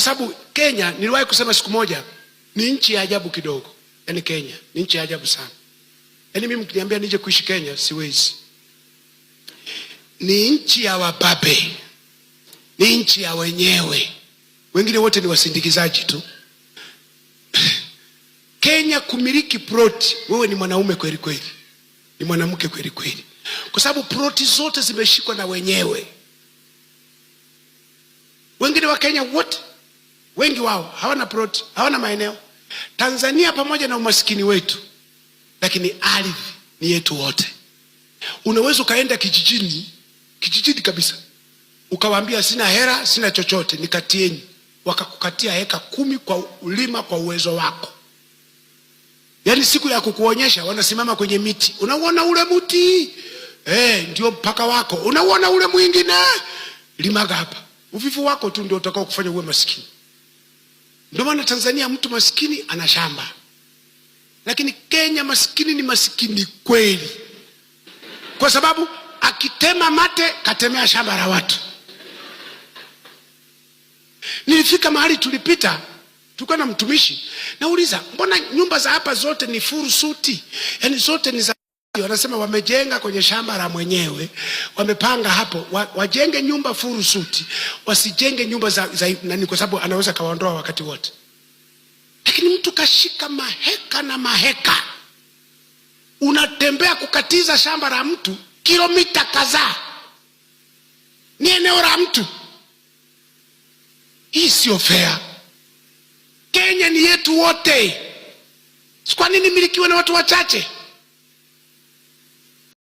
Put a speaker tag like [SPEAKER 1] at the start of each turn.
[SPEAKER 1] kwa sababu Kenya, niliwahi kusema siku moja, ni nchi ya ajabu kidogo. Yaani Kenya ni nchi ya ajabu sana. Yaani mimi mkiniambia nije kuishi Kenya siwezi. Ni nchi ya wababe, ni nchi ya wenyewe, wengine wote ni wasindikizaji tu. Kenya kumiliki ploti, wewe ni mwanaume kweli kweli, ni mwanamke kweli kweli, kwa sababu ploti zote zimeshikwa na wenyewe. Wengine wa Kenya wote wengi wao hawana ploti, hawana maeneo. Tanzania pamoja na umaskini wetu, lakini ardhi ni yetu wote. Unaweza ukaenda kijijini, kijijini kabisa, ukawaambia sina hera, sina chochote, nikatieni, wakakukatia heka kumi kwa ulima, kwa uwezo wako. Yaani siku ya kukuonyesha wanasimama kwenye miti, unauona ule mti eh, ndio mpaka wako, unauona ule mwingine, limaga hapa. Uvivu wako tu ndio utakao kufanya uwe masikini. Ndio maana Tanzania mtu masikini ana shamba, lakini Kenya masikini ni masikini kweli, kwa sababu akitema mate katemea shamba la watu. Nilifika mahali tulipita tulikuwa na mtumishi, nauliza mbona nyumba za hapa zote ni full suti, yaani zote ni za Wanasema wamejenga kwenye shamba la mwenyewe, wamepanga hapo wa, wajenge nyumba furusuti, wasijenge nyumba za, za nani, kwa sababu anaweza kawaondoa wakati wote. Lakini mtu kashika maheka na maheka, unatembea kukatiza shamba la mtu kilomita kadhaa, ni eneo la mtu. Hii sio fair. Kenya ni yetu wote, kwa nini milikiwe na watu wachache?